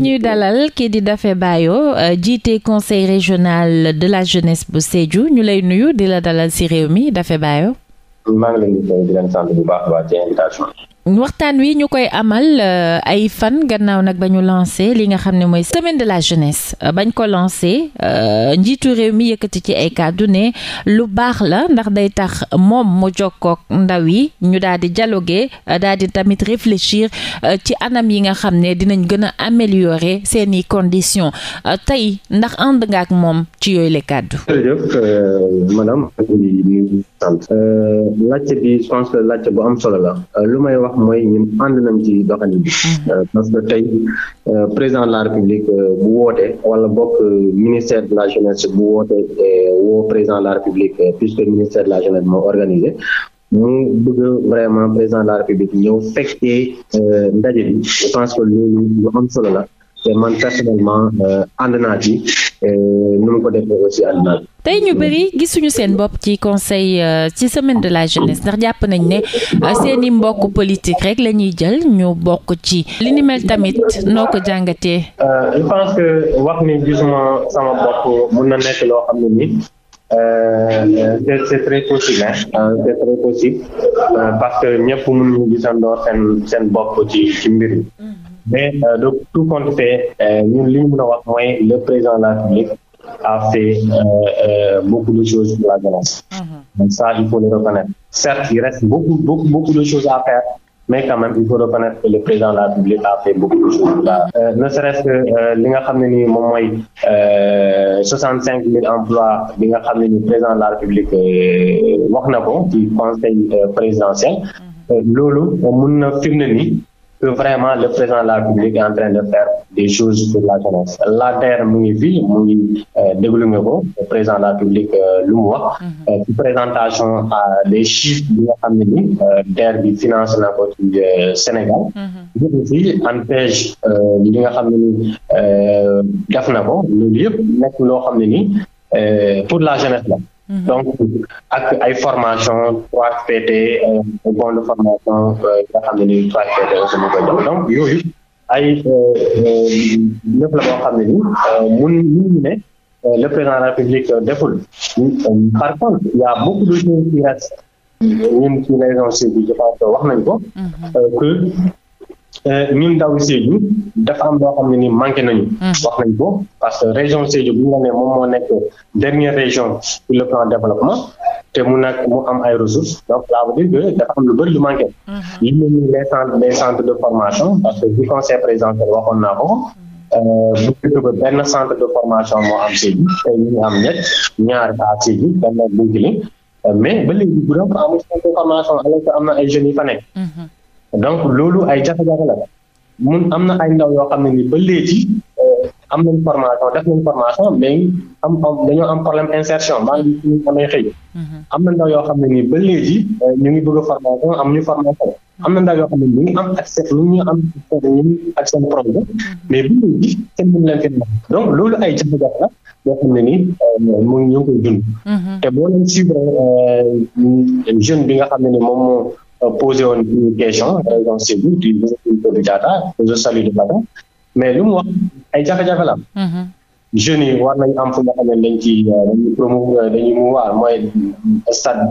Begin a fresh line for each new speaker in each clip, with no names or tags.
ñuy dalal kii di Daffé Bayo euh, jiite conseil régional de la jeunesse bu Sédhiou ñu lay nuyu di la dalal si réew mi Daffé Bayo waxtaan wi ñu koy amal euh, ay fan gannaaw nag bañu ñu lancé li nga xam ne mooy semaine de la jeunesse euh, bañ ko lancé euh, njiitu réew mi yëkkati ci ay kàddu ne lu baax la ndax day tax moom mu jokkook ndaw yi ñu daal di dialoguer daal di tamit réfléchir ci anam yi nga xam ne dinañ gën a améliorer seeni condition tey ndax ànd nga ak moom ci yooyu la kàddu.
madame bu am solo la lu may wax wax mooy ñun ànd nañ ci doxalin bi. Mm-hmm. Euh, parce que tey euh, président de la république euh, bu wootee wala bokk ministère de la jeunesse bu wootee woo président de la république puisque ministère de la jeunesse moo organisé. mu bëgg vraiment président de la république ñëw fekkee ndaje bi je pense que loolu lu am solo la te man personnellement ànd naa ci Euh, nu mu ko defee aussi àdduna bi
tey ñu bëri gisuñu seen bopp ci conseil euh, ci semaine de la jeunesse ndax jàpp nañ ne euh, seen i mbokk politique rek lañuy jël ñu bokk ci li ni tamit noo ko jàngatee.
je pense que wax ni gisuma sama bopp mun na nekk loo xam ne nii. c'est c'est très possible parce que ñëpp mënuñu gisandoo seen seen bopp ci ci mais euh, donc tout compte fait euh, ñun li ñu wax mooy le président de la République a fait euh, beaucoup de choses pour la jeunesse. Mhm. donc ça il faut le reconnaître. certes il reste beaucoup beaucoup de choses à faire. mais quand même il faut reconnaître que le président de la République a fait beaucoup de choses là euh, que li nga xam ne nii moom mooy soixante cinq mille emplois bi nga xam ne nii président de la République wax na ko ci conseil présidentiel mhm. loolu que vraiment le président de la République en train de faire des choses pour la jeunesse la terre mu ngi fi mu ngi déglu nga ko président de la République lu mu wax ci présentation chiffres bi nga xam ne ni terre eh, bi financé na ko ci Sénégal jëi nga xam ne ni def na ko loolu yëpp nekk loo xam ne ni eh, pour la jeunesse la Mhm. donc ak ay formation 3PT euh, bon de formation euh, nga xam ne donc yooyu ay euh, lépp la boo xam ne nii mun mun le président République deful par contre y a beaucoup de choses mhm. ci région sud bi je pense wax nañ ko mhm. que Euh, ñun ndaw Sédhiou dafa am loo xam ne ni manqué nañu. Hmm. wax nañ ko parce que région Sédhiou bu ñu nee moom moo nekk dernière région pour le plan développement te mu nag mu am ay ressources donc ça veut dire que am lu bëri lu li ñu nii de formation parce que bu conseil présidentiel waxoon naa ko. Euh, bu benn centre de formation moo am Sédhiou tey ñu am ñett ñaar ba à Sédhiou benn bu euh, mais ba léegi bu doon amul centre de formation alors que am na ay jeunes yi fa donc loolu ay jafe-jafe la mun am na ay ndaw yoo xam ne ni ba léegi euh, am nañ formation def nañ formation mais dañoo am problème insertion maanaam mhm. na ndaw yoo xam ne nii ba euh, ñu ngi bëgg a formation am ñu formation am na ndaw yoo xam ne ñu ngi lu ñu ak seen projet mhm. mais ba loolu ay jafe-jafe la yoo xam euh, koy dund. Mhm. te boo leen suivre jeune bi nga xam ne ni moom moo. posé woon une question raison euh, c'est vous du ministre du data je salue de matin mais lu mu wax ay jafe-jafe la mm-hmm. jeunes yi war nañ am fu nga xam ne dañ ci euh, dañuy promouvoir euh, dañuy stade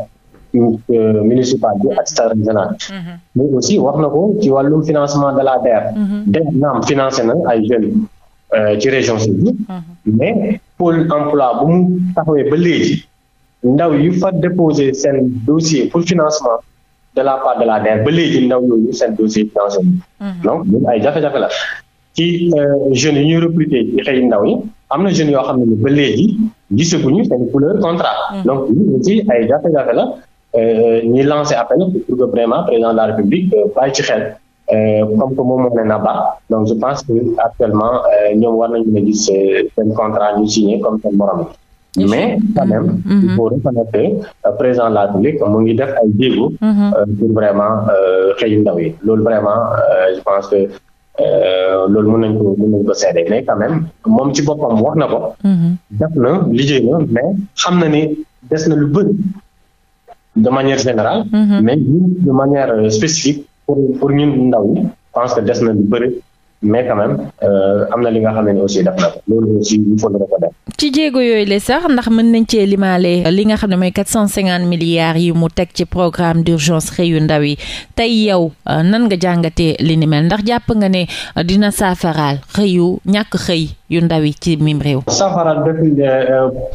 municipal ak stade régional mm-hmm. mais aussi wax na ko ci wàllum financement de la DER mm-hmm. DER naam financé na ay jeunes ci région Sédhiou mais pôle emploi bu taxawee ba léegi ndaw yu fa déposé seen dossier pour financement de la part de la DER ba léegi ndaw yooyu seen dossier financier bi mhm. donc loolu ay jafe-jafe la ci euh, jeunes yi ñuy recruter ci xëy ndaw yi am na jeunes yoo xam ne ba léegi ñu seen couleur contrat mhm. donc ñu aussi ay jafe-jafe la euh, ñi lancé appel pour que vraiment président de la république euh, bàyyi ci xel comme que moom moo ne na donc je pense que actuellement ñoom war nañu ne gis seen contrat ñu signé comme seen morom mais quand même mm-hmm. il faut reconnaître que mu ngi def ay jéego mm-hmm. euh, pour vraiment euh, xëyu ndaw yi loolu vraiment euh, je pense que loolu mun nañ ko mën nañ ko seede mais quand même moom ci boppam wax na ko mm-hmm. def na liggéey na mais xam na ni des na lu bëri de manière générale mais ñun de manière spécifique pour pour ndaw yi je pense que des na lu bëri mais quand même euh, am na li nga xam ne aussi def na loolu aussi il faut ko def.
ci jéego yooyu le sax ndax mën nañ cee limaale li nga xam ne mooy quatre cent cinquante milliards yi mu teg ci programme d'urgence xëyu ndaw yi tey yow euh, nan nga jàngatee li ni mel ndax jàpp nga ne euh, dina saafaraal xëyu ñàkk xëy yu ndaw yi ci mim réew.
saafaraal depuis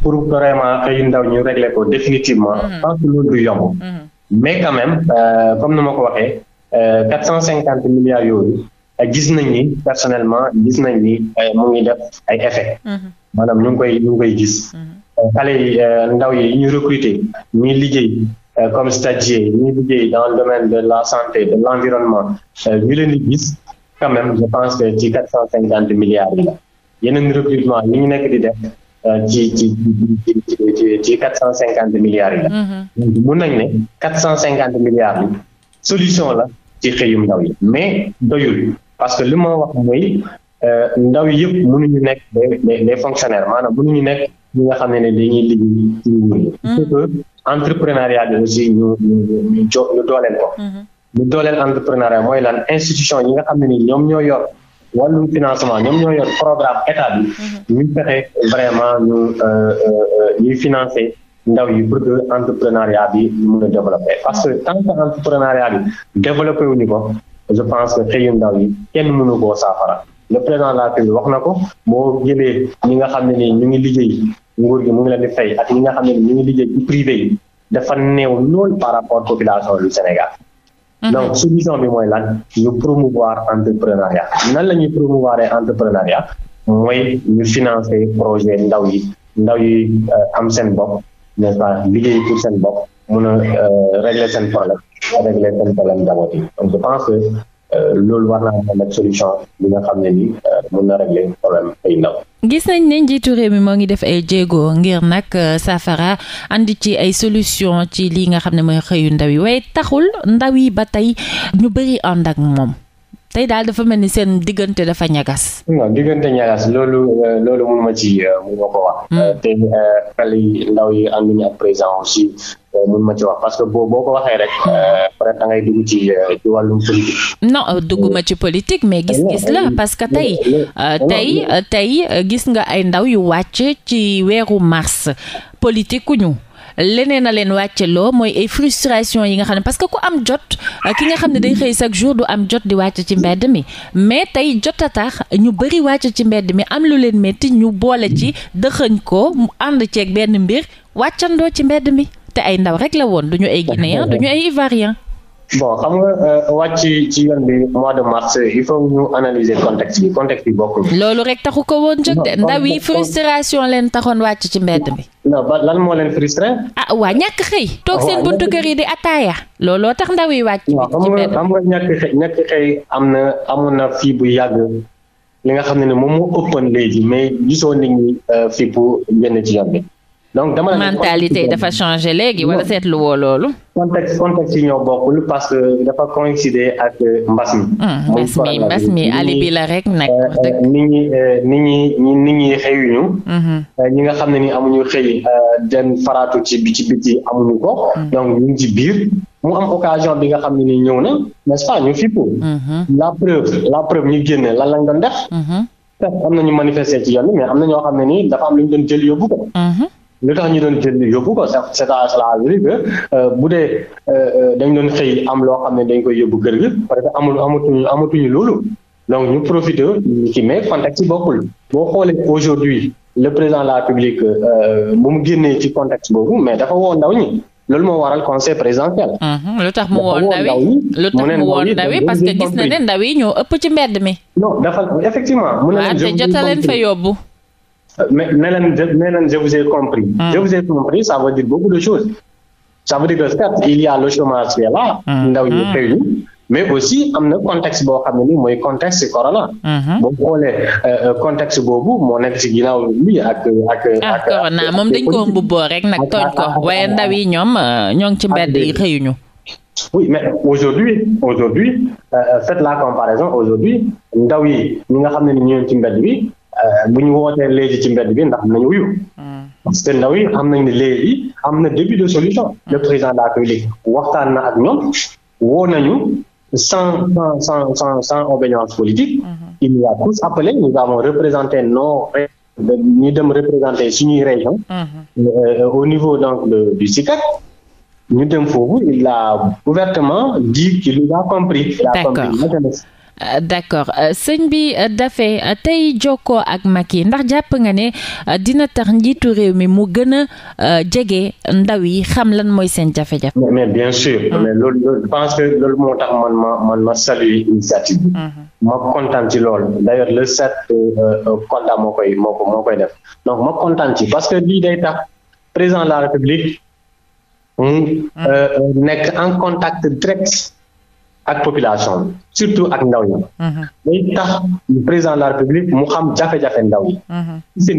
pour vraiment xëyu ndaw ñu régler ko définitivement. Mm-hmm. parce que loolu yomb. Mm-hmm. mais quand comme ni ma ko waxee milliards yooyu. gis nañ ni personnellement gis nañ ni euh, mu ngi def ay effet mhm. maanaam ñu ngi koy ñu koy gis mhm. euh, xale yi euh, ndaw yi ñu recruter ñuy liggéey comme stagiaire ñuy liggéey dans le domaine de la santé de l'environnement ñu leen di gis quand même je pense que ci quatre cent cinquante milliards yi la yeneen recrutement yi ñu nekk di def ci ci ci ci quatre cent cinquante milliards yi la mhm. donc mun ne quatre cent cinquante milliards yi solution la ci xëyum ndaw yi mais doyul parce que li ma wax mooy euh, ndaw yëpp ñu nekk des des fonctionnaires maanaam mënuñu nekk ñi nga xam ne ne dañuy liggéey ci nguur gi. Mm-hmm. que entrepreneuriat bi aussi ñu ñu ñu ñu dooleel ko. Mm-hmm. ñu dooleel entrepreneuriat mooy lan institution yi nga xam ne ni ñoom ñoo yor wàllum financement ñoom ñoo yor programme état bi. Mm-hmm. ñu fexe vraiment ñu euh, euh, ñuy financer. ndaw yi pour que entrepreneuriat bi mën a développer parce que tant que entrepreneuriat bi développé wuñu ko je pense que xëyu ndaw yi kenn mënu koo saafara le président la République wax na ko boo jëlee ñi nga xam ne ni ñu ngi liggéey nguur gi mu ngi leen di ñi nga xam ne ñu ngi liggéey ci privé yi néew lool par rapport population du Sénégal mhm. donc solution bi mooy lan ñu promouvoir entrepreneuriat nan la ñuy promouvoir entrepreneuriat mooy ñu financer projet ndaw yi ndaw yi euh, am seen bopp nest liggéey pour seen bopp mun a euh, régler seen problème Euh, loolu war naa mën xam ni euh, mën na régler problème ay ndaw
gis nañ ne njiitu réew mi moo ngi def ay jéego ngir nag euh, saafara andi ci ay solution ci li nga xam ne mooy xëyu ndaw yi waaye taxul ndaw yi ba tey ñu bëri ànd ak moom tey daal dafa mel ni seen diggante dafa ñagas. non
diggante ñagas loolu euh, loolu mun ma ci euh, mun ma wax. Hmm. Euh, ndaw yi ànduñu ak ci parce que boo ko waxee rek. Hmm. peut ngay dugg ci
wàllum politique. non dugguma ci politique mais gis-gis la parce que tey. tey gis nga ay ndaw yu wàcc ci weeru mars politique ku ñu. leneen a leen wàccaloo mooy ay frustration yi nga xam ne parce que ku am jot euh, ki nga xam ne day xëy chaque jour du am jot di wàcc ci mbedd mi mais tey jot a tax ñu bëri wàcc ci mbedd mi am lu leen métti ñu boole ci dëxëñ ko mu ànd ceeg benn mbir wàccandoo ci mbedd mi te ay ndaw rek la woon du ñu ay guinéen du ñu ay ivoirien
bon xam nga euh, wàcc ci yoon bi mois de mars il faut ñu analyser contexte bi contexte bi bokkul.
loolu rek taxu ko woon jóg de ndaw yi frustration leen taxoon wàcc ci mbedd bi. non lan moo leen frustré. ah waa ñàkk xëy. toog seen ah, buntu kër yi di ataaya. looloo tax ndaw yi wàcc. ci
mbedd bi xam nga am na amoon na fii bu yàgg li nga xam ne moom moo ëppoon léegi mais gisoon nit ñi euh, fi bu génn ci yoon bi.
donc dama la mentalité yi dafa changé léegi wala seetlu woo loolu. contexte contexte yi ñoo bokkul parce que dafa
coïncider ak euh, mbas mi. Hmm, mbas mi mbas mi alibi la
rek nag. Euh, euh, nit ñi
nit ñi nit ñi xëyuñu. Mhm. ñi nga xam ne ni amuñu xëy den faraatu ci bi ci biti amuñu ko. Hmm. donc ñu ngi ci biir. mu am occasion bi nga xam ne ni ñëw na n'est-ce pas ñu fippu
mhm. la preuve
la preuve ñu génne lan lañ doon
def. fekk
mhm. am na ñu manifester ci yoon bi mais am na ñoo xam ne ni dafa am lu ñu doon jël yóbbu ko. lu tax ñu doon jël yóbbu ko c'est-à-dire euh, bu dee euh, euh, dañ doon xëy am loo xam ne dañ koy yóbbu kër gi parce que amul amatuñu amatuñu loolu donc ñu profité ci mais contexte yi bokkul boo xoolee aujourd'hui le président de la publique bu mu génnee ci contexte boobu mais dafa woo ndaw ñi loolu moo waral conseil présidentiel.
Mm-hmm. lu tax mu woo ndaw yi lu tax mu woo ndaw yi parce que gis na ne ndaw ñoo ëpp ci mbedd mi. non dafa effectivement. mu ne ah, leen jotee fa yóbbu.
mais ne leen ne leen je vous ai compris. Mm. je vous ai compris hmm. ndaw yi hmm. mais aussi am na contexte boo xam ne nii mooy contexte corona. Hmm. Euh, euh, boobu moo nekk ci ginnaaw bi ak ak. Ah, corona moom dañ ko
mbubboo rek nag tooñ ko ah, ah, waaye ndaw yi ñoom euh, ñoo ngi ci mbedd yi xëyuñu. oui mais aujourd'hui
aujourd'hui faites la comparaison aujourd'hui ndaw yi ñi nga xam ne ni ñu ci mbedd bi Euh, bu ñu wootee léegi ci mbedd bi ndax nañu wuyu. Hmm. parce que ndaw yi xam nañ ne léegi am na début de solution. Hmm. le président de la République waxtaan na ak ñoom woo nañu sans sans sans sans obédience politique. Hmm. il nous a tous appelé no avons ñu dem représenté suñuy région. Euh, euh, au niveau donc du SICAC. ñu dem foofu il a ouvertement dit qu'il
a compris. il a compris Euh, d'accord euh, sëñ bi euh, dafee tey jokkoo ak yi ndax jàpp nga ne dina tax njiitu réew mi mu gën a jege ndaw yi xam lan mooy seen jafe-jafe. Ah. ma
man ma saluer mhm. ci loolu d'ailleurs le sept kontaan moo koy moo koy def donc ma kontaan ci parce que lii day tax président la république. Mhm. nekk en contact direct. ak population surtout ak ndaw ñi. Mhm. day tax président de la république mu xam jafe-jafe ndaw yi. Mhm. ci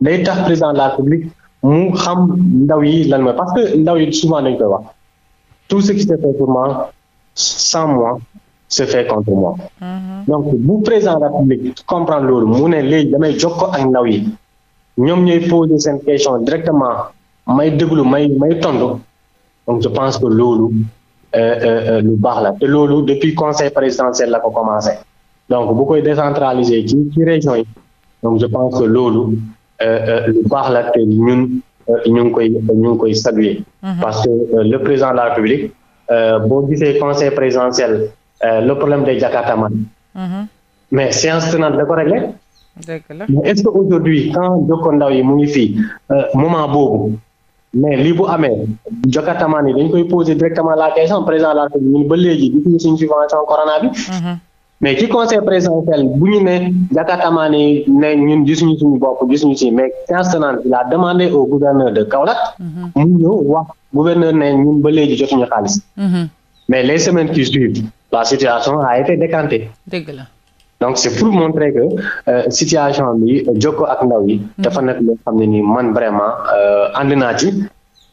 day tax président de la république mu xam ndaw yi lan mooy parce que ndaw yi souvent nañ koy wax tout ce qui se fait pour moi sans moi se fait contre mhm. bu président de la loolu mu ne léegi damay jokkoo ak ndaw yi ñoom ñooy poser seen question directement may déglu may may tontu donc je pense que loolu. Euh, euh, euh, lu baax la te loolu depuis conseil présidentiel la ko commencé donc bu koy décentraliser ci ci région yi donc je pense que loolu lu baax la te ñun ñu ngi koy ñu ngi koy saluer mhm. parce que le président de la République boo gisee conseil présidentiel le problème des jakartaman mhm. mais séance tenante da ko réglé est-ce que aujourd'hui quand Jokko Ndaw yi mu ngi fii moment boobu mais lii bu amee jokatamaan yi dañ koy poser directement la question président la ñun ba léegi gisuñu suñu subvention corona bi. Mm-hmm. mais ci conseil présidentiel bu ñu ne jokatamaan yi ne ñun gisuñu suñu bopp si mais séance tenante il a demandé au gouverneur de Kaolack. Mm-hmm. mu ñëw wax gouverneur ne ñun ba léegi jotuñu xaalis. Mm-hmm. mais les semaines qui suivent la situation a été décantée. dëgg la. donc c' est pour montrer que euh, situation bi jokkoo ak ndaw yi. Mm-hmm. dafa nekk loo xam ne nii man vraiment euh, ànd naa ci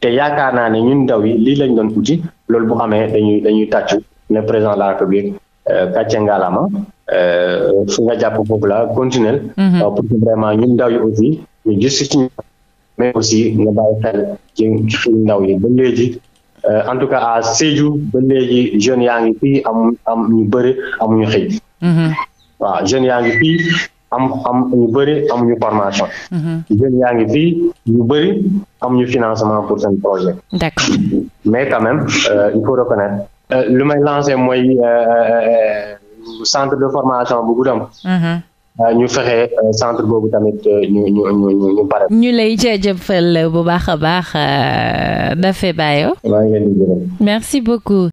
te yaakaar naa ne ñun ndaw yi lii lañ doon uti lool bu amee dañuy dañuy tàccu ne président la République euh, kàcce ngaalama fu nga jàpp foofu la continuer. Mm-hmm. pour que vraiment ñun ndaw yi aussi ñu gis ci mais aussi nga bàyyi xel ci suñu ndaw yi ba léegi en tout cas à Sédhiou ba léegi jeunes yaa ngi fii am am ñu bëri amuñu xëy. Mm-hmm. waaw jeunes yaa ngi fii am am ñu bëri ñu formation. Mhm. jeunes yaa ngi fii ñu bëri amuñu financement pour seen projet. d'accord mais quand même euh, il faut reconnaître euh, lu may lancé mooy euh, euh, centre de formation bu Goudomp. Mhm. ñu fexe centre boobu tamit ñu ñu ñu ñu pare.
ñu lay jaajëfal bu baax a baax Daffé Bayo. merci beaucoup.